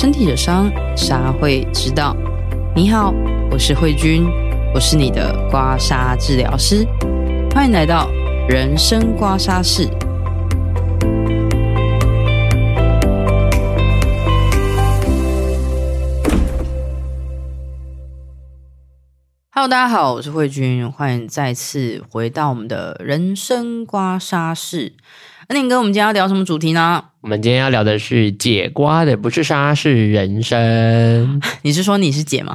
身體的傷，痧會知道。你好，我是卉君，我是你的刮痧治療師，歡迎來到人生刮痧室。 Hello，大家好，我是卉君，歡迎再次回到我們的人生刮痧室。那寧哥，你跟我們今天要聊什麼主題呢？我們今天要聊的是姐刮得不是痧，是人生。你是說你是姐嗎？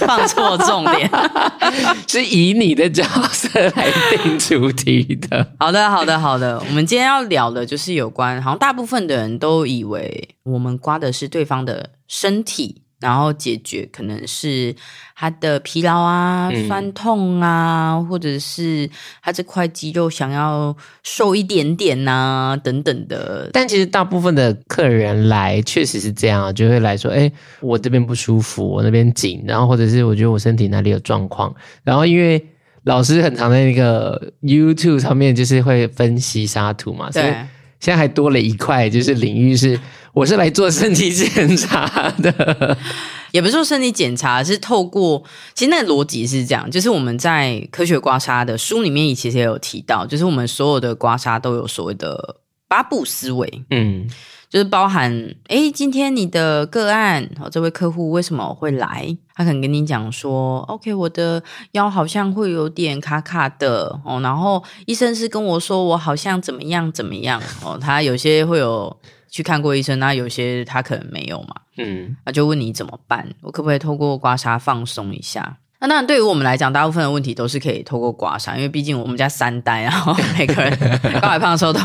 放錯重點， 是以你的角色來定主題的。 好的，好的，好的。我們今天要聊的就是有關，好像大部分的人都以為我們刮的是對方的身體。然後解決可能是他的疲勞啊、嗯、痠痛啊，或者是他這塊肌肉想要瘦一點點啊等等的。但其實大部分的客人來確實是這樣，啊，就會來說：“哎、欸，我這邊不舒服，我那邊緊，然後或者是我覺得我身體哪裡有狀況。”然後，因為老師很常在那個 YouTube 上面就是會分析痧圖嘛，所以現在還多了一塊就是領域是，我是來做身體檢查的， 也不是說身體檢查，是透過其實那個邏輯是這樣，就是我們在科學刮痧的書裡面也其實也有提到，就是我們所有的刮痧都有所謂的八步思維，嗯，就是包含哎，今天你的個案哦，這位客戶為什麼會來？他可能跟你講說，OK，我的腰好像會有點卡卡的哦，然後醫生是跟我說我好像怎麼樣怎麼樣哦，他有些會有。去看過醫生，那有些他可能沒有嘛，嗯，那就問你怎麼辦？我可不可以透過刮痧放鬆一下？那當然對於我們來講，大部分的問題都是可以透過刮痧，因為畢竟我們家三代，然後每個人高矮 胖瘦都，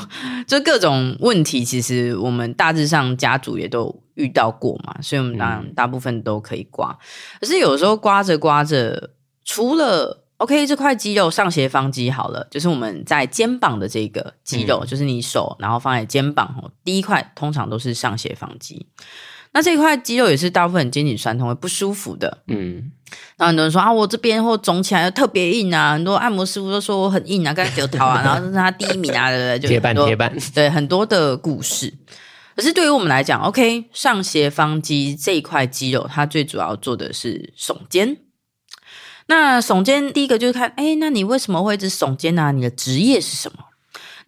就各種問題，其實我們大致上家族也都遇到過嘛，所以我們當然大部分都可以刮，可是有時候刮着刮着，除了 OK，這塊肌肉上斜方肌好了，就是我們在肩膀的這個肌肉，嗯、就是你手然後放在肩膀第一塊通常都是上斜方肌。那這塊肌肉也是大部分肩頸酸痛、不舒服的。嗯，那很多人說啊，我這邊或腫起來特別硬啊，很多按摩師傅都說我很硬啊，干骨頭啊， 然後是他第一名啊， 對對，就結伴對很多的故事。可是對於我們來講，OK，上斜方肌這一塊肌肉，它最主要做的是聳肩。那聳肩，第一個就是看，哎、欸，那你為什麼會一直聳肩啊？你的職業是什麼？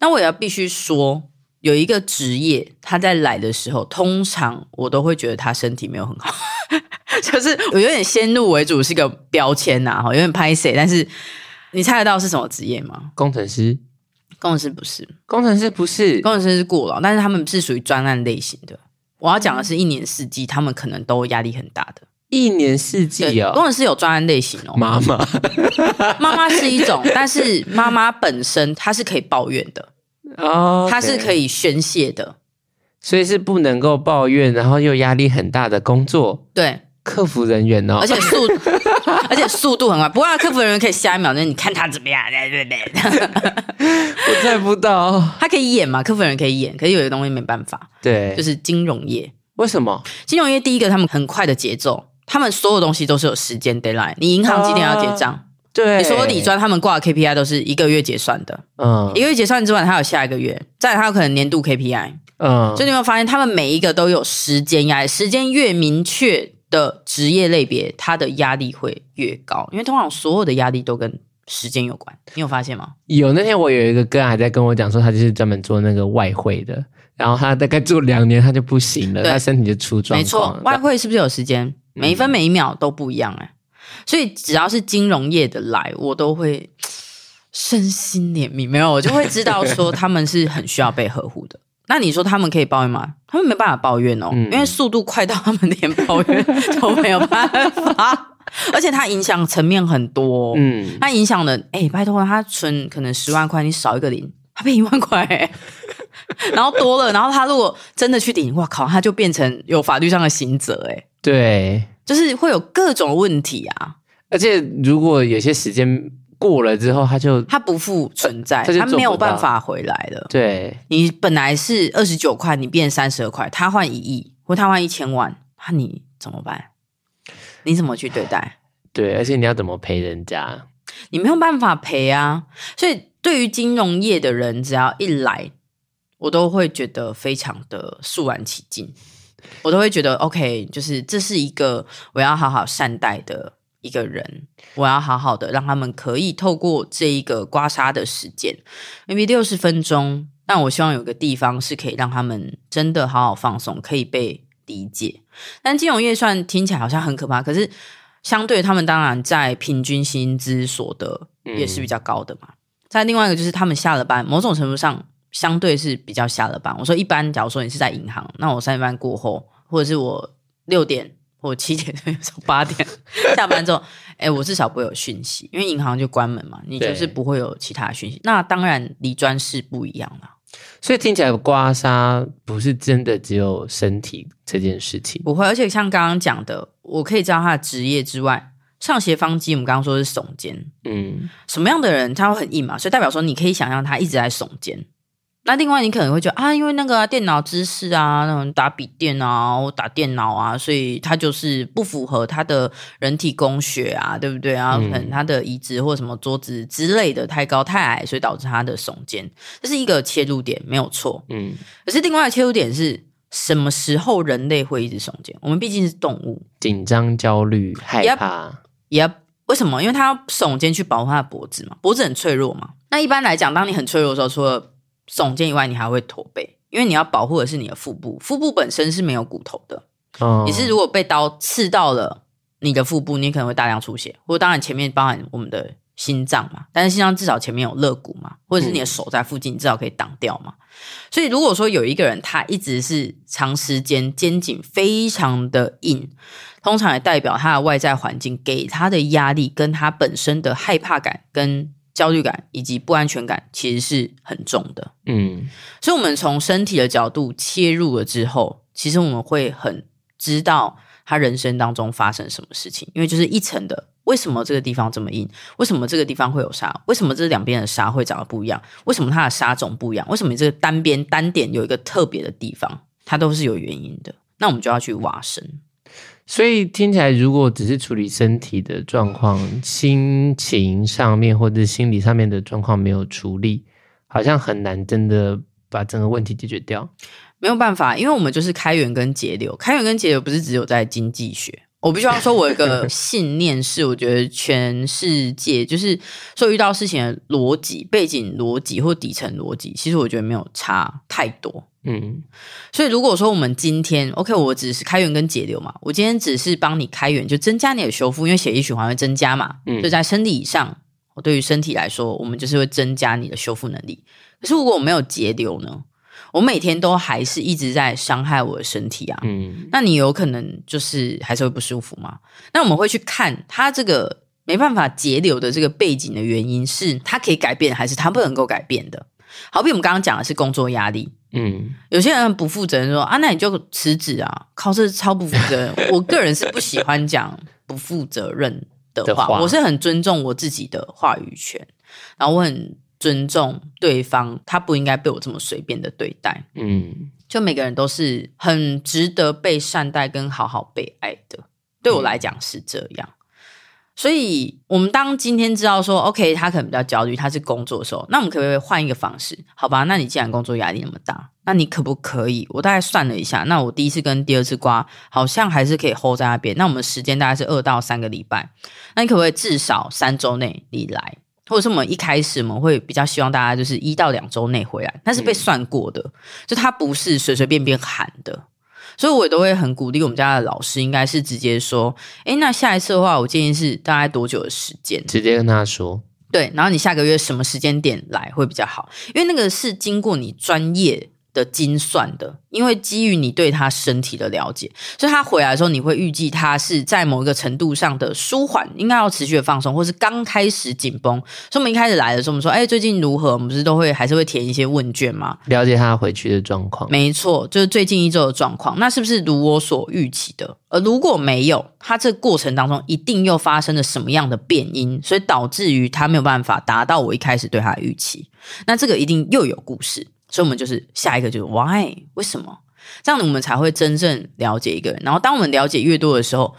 那我也要必須說，有一個職業，他在來的時候，通常我都會覺得他身體沒有很好， 就是我有點先入為主，是個標籤吶，哈，有點拍誰？但是你猜得到是什麼職業嗎？工程師？工程師不是？工程師不是？工程師是過勞，但是他們是屬於專案類型的。我要講的是一年四季，他們可能都壓力很大的。一年四季啊、哦，工人是有專案類型哦。媽媽，媽 媽是一種，但是媽媽本身她是可以抱怨的哦、okay. 她是可以宣洩的，所以是不能夠抱怨，然後又壓力很大的工作。對，客服人員哦，而且速， 而且速度很快。不過客服人員可以下一秒，那你看他怎麼樣？ 我猜不到，他可以演嘛。客服人員可以演，可是有些東西沒辦法。對，就是金融業，為什麼？金融業第一個，他們很快的節奏。他們所有東西都是有時間 deadline 你銀行幾點要結賬？啊，對，你所有理專他們掛的 K P I 都是一個月結算的。嗯，一個月結算之外，他有下一個月，再來他有可能年度 K P I。嗯，所以你有沒有發現他們每一個都有時間壓力？時間越明確的職業類別，他的壓力會越高，因為通常所有的壓力都跟時間有關。你有發現嗎？有，那天我有一個哥還在跟我講說，他就是專門做那個外匯的，然後他大概做兩年，他就不行了，嗯、他身體就出狀況。沒錯，外匯是不是有時間？每一分每一秒都不一樣哎、欸，所以只要是金融業的來，我都會身心憐憫。沒有，我就會知道說他們是很需要被呵護的。 那你說他們可以抱怨嗎？他們沒辦法抱怨哦、喔，因為速度快到他們連抱怨都沒有辦法。 而且它影響層面很多，嗯、欸，它影響的哎，拜託他存可能十萬塊，你少一個零，他變一萬塊、欸， 然後多了，然後他如果真的去頂，哇靠，他就變成有法律上的刑責哎、欸。對，就是會有各種問題啊！而且如果有些時間過了之後，他就他不復存在，呃他、他沒有辦法回來了。對，你本來是二十九塊，你變三十二塊，他換一億，或他換一千萬，那、啊、你怎麼辦？你怎麼去對待？對，而且你要怎麼賠人家？你沒有辦法賠啊！所以對於金融業的人，只要一來，我都會覺得非常的肅然起敬。我都會覺得 OK，就是這是一個我要好好善待的一個人，我要好好的讓他們可以透過這一個刮痧的時間，因為六十分鐘，但我希望有個地方是可以讓他們真的好好放鬆，可以被理解。但金融業算聽起來好像很可怕，可是相對他們當然在平均薪資所得也是比較高的嘛。再，嗯、另外一個就是他們下了班，某種程度上。相對是比較下了班。我說一般，假如說你是在銀行，那我三點半過後，或者是我六點或七點八 點下班之後，誒、欸、我至少不會有訊息，因為銀行就關門嘛，你就是不會有其他訊息。那當然，理專是不一樣的，所以聽起來刮痧不是真的只有身體這件事情。不會，而且像剛剛講的，我可以知道他的職業之外，上斜方肌，我們剛剛說是聳肩，嗯，什麼樣的人他會很硬嘛，所以代表說你可以想象他一直在聳肩。那另外，你可能會覺得啊，因為那個、啊、電腦姿勢啊，那種、個、打筆電啊、打電腦啊，所以它就是不符合它的人體工學啊，對不對、嗯、啊？可能它的椅子或什麼桌子之類的太高太矮，所以導致它的聳肩，這是一個切入點，沒有錯。嗯，可是另外的切入點是什麼時候人類會一直聳肩？我們畢竟是動物，緊張、焦慮、害怕，也要為什麼？因為他要聳肩去保護他的脖子嘛，脖子很脆弱嘛。那一般來講，當你很脆弱的時候，除了聳肩以外，你還會駝背，因為你要保護的是你的腹部。腹部本身是沒有骨頭的，你、嗯、是如果被刀刺到了你的腹部，你可能會大量出血。或當然前面包含我們的心臟嘛，但是心臟至少前面有肋骨嘛，或者是你的手在附近，你至少可以擋掉嘛、嗯。所以如果說有一個人他一直是長時間肩頸非常的硬，通常也代表他的外在環境給他的壓力跟他本身的害怕感跟焦慮感以及不安全感其實是很重的，嗯，所以我們從身體的角度切入了之後，其實我們會很知道他人生當中發生什麼事情，因為就是一層的，為什麼這個地方這麼硬？為什麼這個地方會有痧？為什麼這兩邊的痧會長得不一樣？為什麼它的痧種不一樣？為什麼這個單邊單點有一個特別的地方？它都是有原因的，那我們就要去挖深。所以聽起來，如果只是處理身體的狀況、心情上面或者心理上面的狀況沒有處理，好像很難真的把整個問題解決掉。沒有辦法，因為我們就是開源跟節流，開源跟節流不是只有在經濟學。我必須要說，我一個信念是，我覺得全世界就是說，遇到事情的邏輯、背景邏輯或底層邏輯，其實我覺得沒有差太多。嗯，所以如果說我們今天 OK，我只是開源跟節流嘛，我今天只是幫你開源，就增加你的修復，因為血液循環會增加嘛。嗯，就在生理上，我對於身體來說，我們就是會增加你的修復能力。可是如果我沒有節流呢？我每天都還是一直在傷害我的身體啊，嗯，那你有可能就是還是會不舒服嗎？那我們會去看他這個沒辦法節流的這個背景的原因，是他可以改變還是他不能夠改變的？好比我們剛剛講的是工作壓力，嗯，有些人不負責任說啊，那你就辭職啊，靠，這是超不負責任。 我個人是不喜歡講不負責任的話，的話，我是很尊重我自己的話語權，然後我很。尊重對方，他不應該被我這麼隨便的對待。嗯，就每個人都是很值得被善待跟好好被愛的，對我來講是這樣。嗯。所以，我們當今天知道說，OK，他可能比較焦慮，他是工作的時候，那我們可不可以換一個方式？好吧，那你既然工作壓力那麼大，那你可不可以？我大概算了一下，那我第一次跟第二次刮，好像還是可以 hold 在那邊。那我們時間大概是二到三個禮拜，那你可不可以至少三周內你來？或者是我們一開始我們會比較希望大家就是一到兩周內回來，那是被算過的，嗯、就他不是隨隨便便喊的，所以我也都會很鼓勵我們家的老師，應該是直接說，哎、欸，那下一次的話，我建議是大概多久的時間，直接跟他說，對，然後你下個月什麼時間點來會比較好，因為那個是經過你專業的精算的，因為基於你對他身體的了解，所以他回來的時候，你會預計他是在某一個程度上的舒緩，應該要持續的放鬆，或是剛開始緊繃。所以我們一開始來的時候，我們說，哎，最近如何？我們不是都會還是會填一些問卷嗎？了解他回去的狀況。沒錯，就是最近一周的狀況。那是不是如我所預期的？而如果沒有，他這過程當中一定又發生了什麼樣的變因，所以導致於他沒有辦法達到我一開始對他的預期。那這個一定又有故事。所以，我們就是下一個，就是 why，為什麼？這樣我們才會真正了解一個人。然後，當我們了解越多的時候，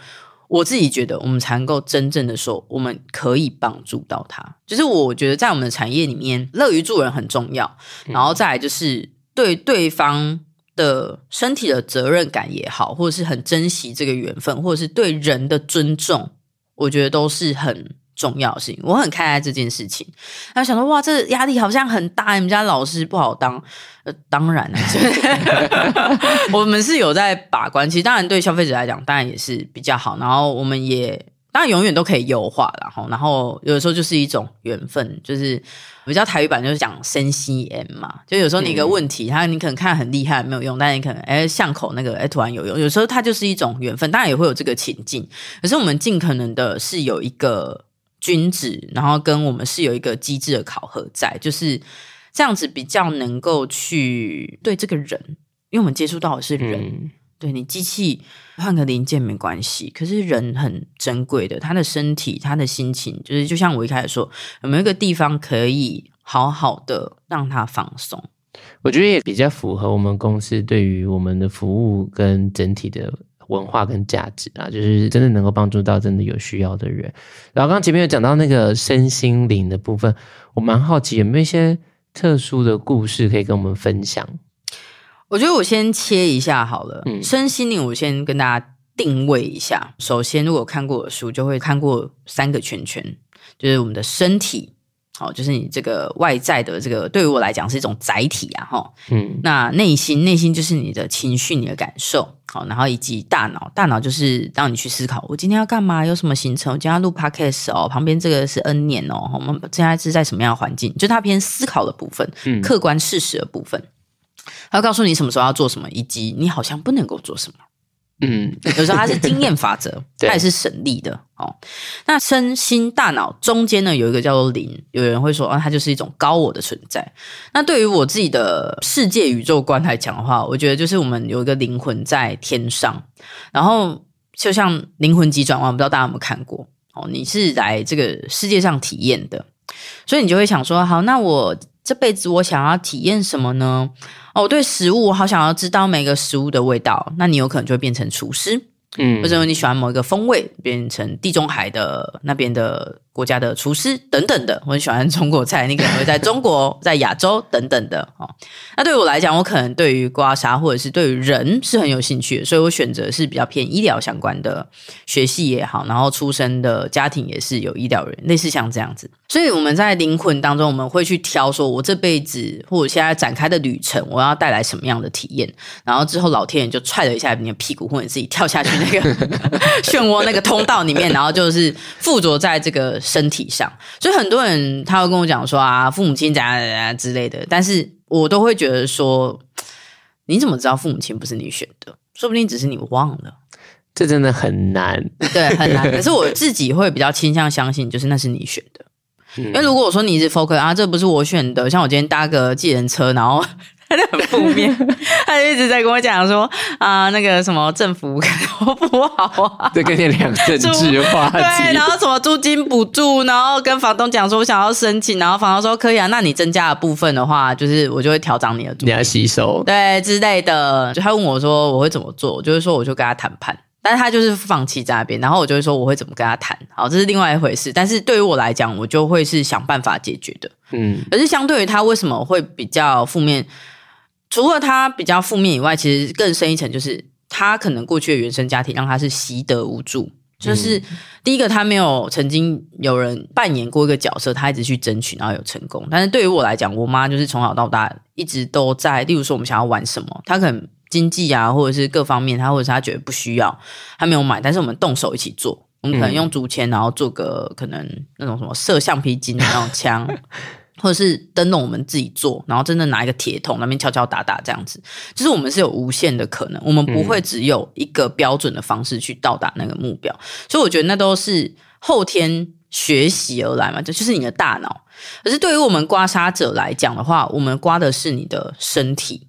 我自己覺得我們才能夠真正的說，我們可以幫助到他。就是我覺得，在我們的產業裡面，樂於助人很重要。然後再來就是對對方的身體的責任感也好，或者是很珍惜這個緣分，或者是對人的尊重，我覺得都是很。重要性，我很看待這件事情。他想說：“哇，這個，壓力好像很大，你們家老師不好當。呃”當然， 我們是有在把關。其實，當然對消費者來講，當然也是比較好。然後，我們也當然永遠都可以優化。然後，然後有的時候就是一種緣分，就是我比較台語版就是講生 c M 嘛。就有時候你一個問題，他你可能看很厲害沒有用，但你可能哎巷口那個哎突然有用。有時候它就是一種緣分，當然也會有這個情境。可是我們盡可能的是有一個。君子，然後跟我們是有一個機制的考核在，就是這樣子比較能夠去對這個人，因為我們接觸到的是人，嗯，對，你機器換個零件沒關係，可是人很珍貴的，他的身體，他的心情，就是就像我一開始說，有沒有一個地方可以好好的讓他放鬆？我覺得也比較符合我們公司對於我們的服務跟整體的。文化跟價值啊，就是真的能夠幫助到真的有需要的人。然後剛前面有講到那個身心靈的部分，我蠻好奇有沒有一些特殊的故事可以跟我們分享？我覺得我先切一下好了。嗯，身心靈我先跟大家定位一下。首先，如果看過的書，就會看過三個圈圈，就是我們的身體。好，就是你這個外在的這個，對於我來講是一種載體啊，哈，嗯，那內心內心就是你的情緒、你的感受，好，然後以及大腦，大腦就是讓你去思考，我今天要幹嘛，有什麼行程，我今天要錄 Podcast 哦，旁邊這個是 N 年哦，我們接下來是在什麼樣的環境，就他偏思考的部分，客觀事實的部分，嗯、他要告訴你什麼時候要做什麼，以及你好像不能夠做什麼。嗯， 有時候它是經驗法則，它也是省力的哦。那身心大腦中間呢，有一個叫做靈，有人會說啊、哦，它就是一種高我的存在。那對於我自己的世界宇宙觀來講的話，我覺得就是我們有一個靈魂在天上，然後就像靈魂急轉彎，不知道大家有沒有看過哦？你是來這個世界上體驗的，所以你就會想說，好，那我。這輩子我想要體驗什麼呢？哦，我對食物，我好想要知道每個食物的味道。那你有可能就會變成廚師。嗯，或者說你喜歡某一個風味，變成地中海的那邊的國家的廚師等等的。我很喜歡中國菜，你可能會在中國、在亞洲等等的哦。 那對我來講，我可能對於刮痧或者是對於人是很有興趣的，所以我選擇是比較偏醫療相關的學系也好，然後出生的家庭也是有醫療人，類似像這樣子。所以我們在靈魂當中，我們會去挑說，我這輩子或者現在展開的旅程，我要帶來什麼樣的體驗？然後之後老天爺就踹了一下你的屁股，或者自己跳下去。那 個漩渦那個通道裡面，然後就是附着在這個身體上，所以很多人他會跟我講說啊，父母親怎、怎樣怎樣之類的，但是我都會覺得說，你怎麼知道父母親不是你選的？說不定只是你忘了。這真的很難，對，很難。可是我自己會比較傾向相信，就是那是你選的。 因為如果我說你是 focus 啊，這不是我選的，像我今天搭個計程車，然後。 他 就很負負面， 他就一直在跟我講說啊、呃，那個什麼政府什麼不好啊，對，跟你兩個政治話題， 對，然後什麼租金補助，然後跟房東講說我想要申請，然後房東說可以啊，那你增加的部分的話，就是我就會調漲你的，你來吸收對之類的，就他問我說我會怎麼做，我就是說我就跟他談判，但是他就是放棄在那邊，然後我就會說我會怎麼跟他談。好，這是另外一回事，但是對於我來講，我就會是想辦法解決的，嗯，可是相對於他為什麼會比較負面？除了他比較負面以外，其實更深一層就是他可能過去的原生家庭讓他是習得無助，嗯。就是第一個，他沒有曾經有人扮演過一個角色，他一直去爭取，然後有成功。但是對於我來講，我媽就是從小到大一直都在。例如說，我們想要玩什麼，她可能經濟啊，或者是各方面，她或者是她覺得不需要，她沒有買。但是我們動手一起做，我們可能用竹籤，然後做個可能那種什麼射橡皮筋的那種槍。嗯 或者是燈籠，我們自己做，然後真的拿一個鐵桶那邊敲敲打打這樣子，就是我們是有無限的可能，我們不會只有一個標準的方式去到達那個目標。嗯，所以我覺得那都是後天學習而來嘛，這就是你的大腦。可是對於我們刮痧者來講的話，我們刮的是你的身體，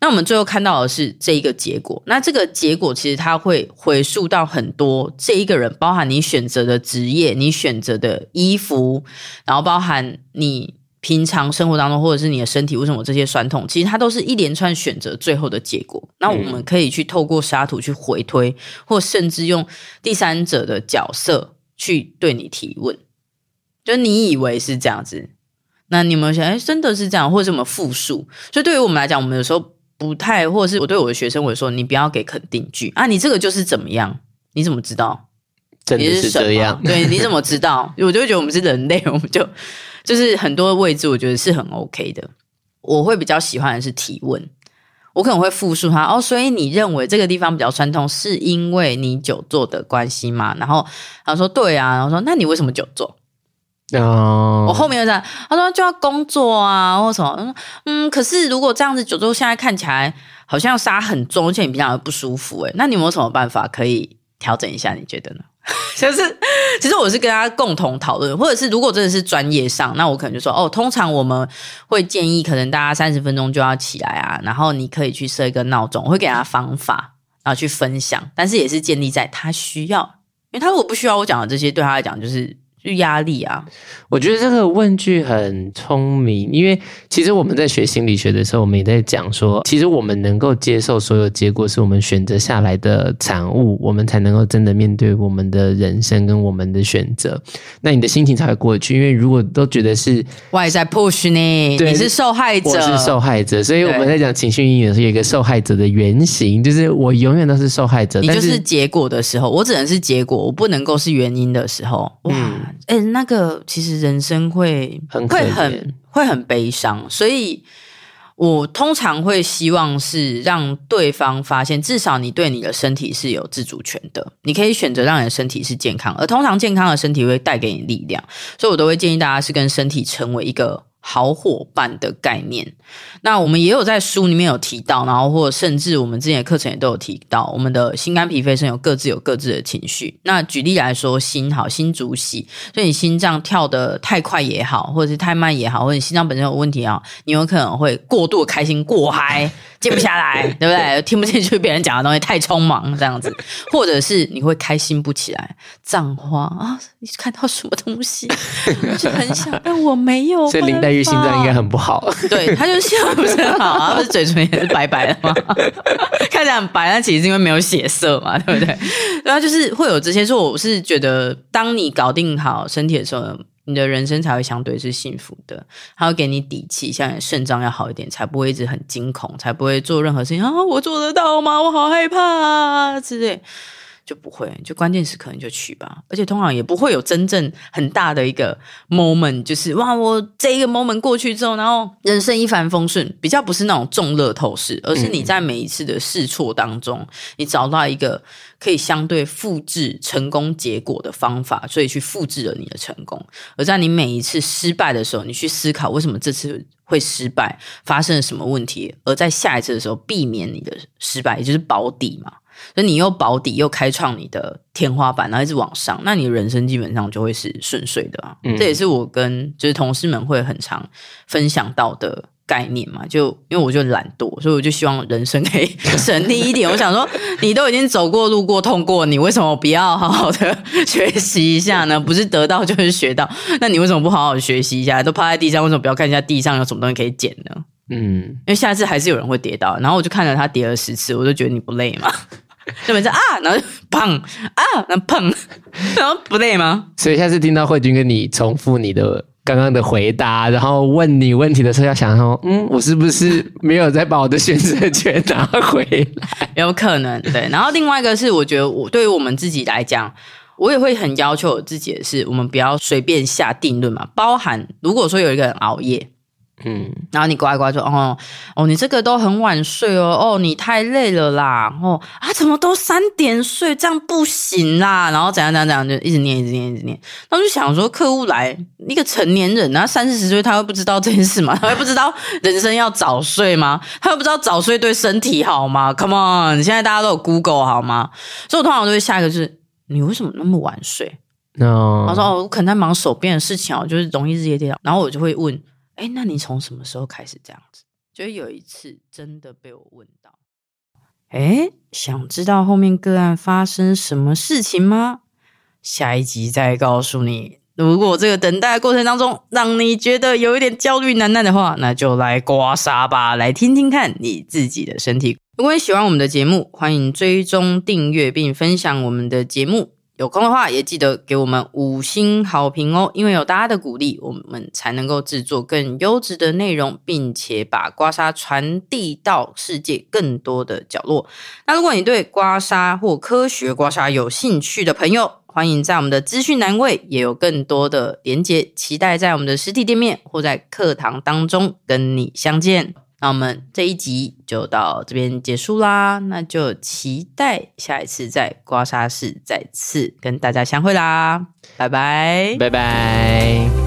那我們最後看到的是這一個結果，那這個結果其實它會回溯到很多這一個人，包含你選擇的職業，你選擇的衣服，然後包含你。平常生活當中，或者是你的身體，為什麼這些酸痛？其實它都是一連串選擇最後的結果。那我們可以去透過痧圖去回推，或甚至用第三者的角色去對你提問。就你以為是這樣子，那你們想，哎、欸，真的是這樣，或者怎麼複述？所以對於我們來講，我們有時候不太，或者是我對我的學生我說，你不要給肯定句啊，你這個就是怎麼樣？你怎麼知道？真的是這樣？你是什麼對，你怎麼知道？ 我就覺得我們是人類，我們就。就是很多位置我覺得是很 OK 的，我會比較喜歡的是提問，我可能會複述他哦，所以你認為這個地方比較酸痛是因為你久坐的關係嗎？然後他說對啊，然後說那你為什麼久坐？啊、oh.，我後面又在他說就要工作啊或什麼，嗯，可是如果這樣子久坐，現在看起來好像痧很重，而且你比較不舒服，誒，那你有沒有什麼辦法可以調整一下？你覺得呢？就 是。其實我是跟他共同討論，或者是如果真的是專業上，那我可能就說哦，通常我們會建議可能大家三十分鐘就要起來啊，然後你可以去設一個鬧鐘，我會給他方法，然後去分享，但是也是建立在他需要，因為他如果不需要我講的這些，對他來講就是。就壓力啊！我覺得這個問句很聰明，因為其實我們在學心理學的時候，我們也在講說，其實我們能夠接受所有結果是我們選擇下來的產物，我們才能夠真的面對我們的人生跟我們的選擇。那你的心情才會過去，因為如果都覺得是外在 push 你，你是受害者，我是受害者。所以我們在講情緒陰影是有一個受害者的原型，就是我永遠都是受害者。你就是結果的時候，我只能是結果，我不能夠是原因的時候。嗯、哇！哎、欸，那個其實人生會很會很會很悲傷，所以我通常會希望是讓對方發現，至少你對你的身體是有自主權的。你可以選擇讓你的身體是健康，而通常健康的身體會帶給你力量，所以我都會建議大家是跟身體成為一個。好夥伴的概念，那我們也有在書裡面有提到，然後或者甚至我們之前的課程也都有提到，我們的心肝脾肺腎有各自有各自的情緒。那舉例來說，心好，心主喜，所以你心臟跳得太快也好，或者是太慢也好，或者你心臟本身有問題啊，你有可能會過度開心過嗨。靜不下來，對不對？聽不進去別人講的東西，太匆忙這樣子，或者是你會開心不起來。葬花啊，你看到什麼東西？是很想，但我沒有。所以林黛玉心臟應該很不好。對，她就笑不是很好， 他不是嘴唇也是白白的嗎？ 看起來很白，但其實是因為沒有血色嘛，對不對？然後就是會有這些說。所以我是覺得，當你搞定好身體的時候，你的人生才會相對是幸福的，他會給你底氣，像你的腎臟要好一點，才不會一直很驚恐，才不會做任何事情啊！我做得到嗎？我好害怕啊！之類。就不會，就關鍵時刻你就去吧，而且通常也不會有真正很大的一個 moment，就是哇，我這個 moment 過去之後，然後人生一帆風順，比較不是那種中樂透式，而是你在每一次的試錯當中，你找到一個可以相對複製成功結果的方法，所以去複製了你的成功。而在你每一次失敗的時候，你去思考為什麼這次會失敗，發生了什麼問題，而在下一次的時候避免你的失敗，也就是保底嘛。所以你又保底又開創你的天花板，然後一直往上，那你的人生基本上就會是順遂的啊。嗯。這也是我跟就是同事們會很常分享到的概念嘛。就因為我就懶惰，所以我就希望人生可以省力一點。 我想說，你都已經走過、路過、通過，你為什麼不要好好的學習一下呢？不是得到就是學到，那你為什麼不好好的學習一下？都趴在地上，為什麼不要看一下地上有什麼東西可以撿呢？嗯，因為下次還是有人會跌倒，然後我就看着他跌了十次，我就覺得你不累嘛。 就每次啊，然後就砰啊，然後砰，然後不累嗎？所以下次聽到卉君跟你重複你的剛剛的回答，然後問你問題的時候，要想說，嗯，我是不是沒有再把我的選擇權拿回來？ 有可能對。然後另外一個是，我覺得我對於我們自己來講，我也會很要求我自己的是，我們不要隨便下定論嘛。包含如果說有一個人熬夜。嗯，然後你乖乖說哦哦，你這個都很晚睡哦哦，你太累了啦哦啊，怎麼都三點睡？這樣不行啦，然後怎樣怎樣怎樣，就一直念一直念一直念，一直念，然後就想說，客戶來一個成年人啊，三四十歲他會不知道這件事嗎？他會不知道人生要早睡嗎？他會不知道早睡對身體好嗎？Come on，你現在大家都有 Google 好嗎？所以我通常就會下一個就是，你為什麼那麼晚睡？No. 然後哦，我說哦，我可能在忙手邊的事情哦，就是容易日夜顛倒。然後我就會問。哎，那你從什麼時候開始這樣子？就有一次真的被我問到。哎，想知道後面個案發生什麼事情嗎？下一集再告訴你。如果這個等待的過程當中讓你覺得有一點焦慮難耐的話，那就來刮痧吧，來聽聽看你自己的身體。如果你喜歡我們的節目，歡迎追蹤訂閱並分享我們的節目。有空的話，也記得給我們五星好評哦！因為有大家的鼓勵，我們才能夠制作更優質的內容，並且把刮痧傳遞到世界更多的角落。那如果你對刮痧或科學刮痧有興趣的朋友，歡迎在我們的資訊欄位也有更多的連結。期待在我們的實體店面或在課堂當中跟你相見。那我們這一集就到這邊結束啦，那就期待下一次在刮痧室再次跟大家相會啦，拜拜，拜拜。